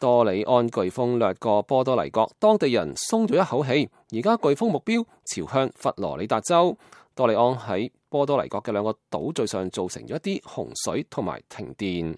多里安颶風掠過波多黎各，當地人鬆咗一口氣，而家颶風目標朝向佛羅里達州。多里安喺波多黎各嘅兩個島嶼上造成咗一啲洪水同埋停電。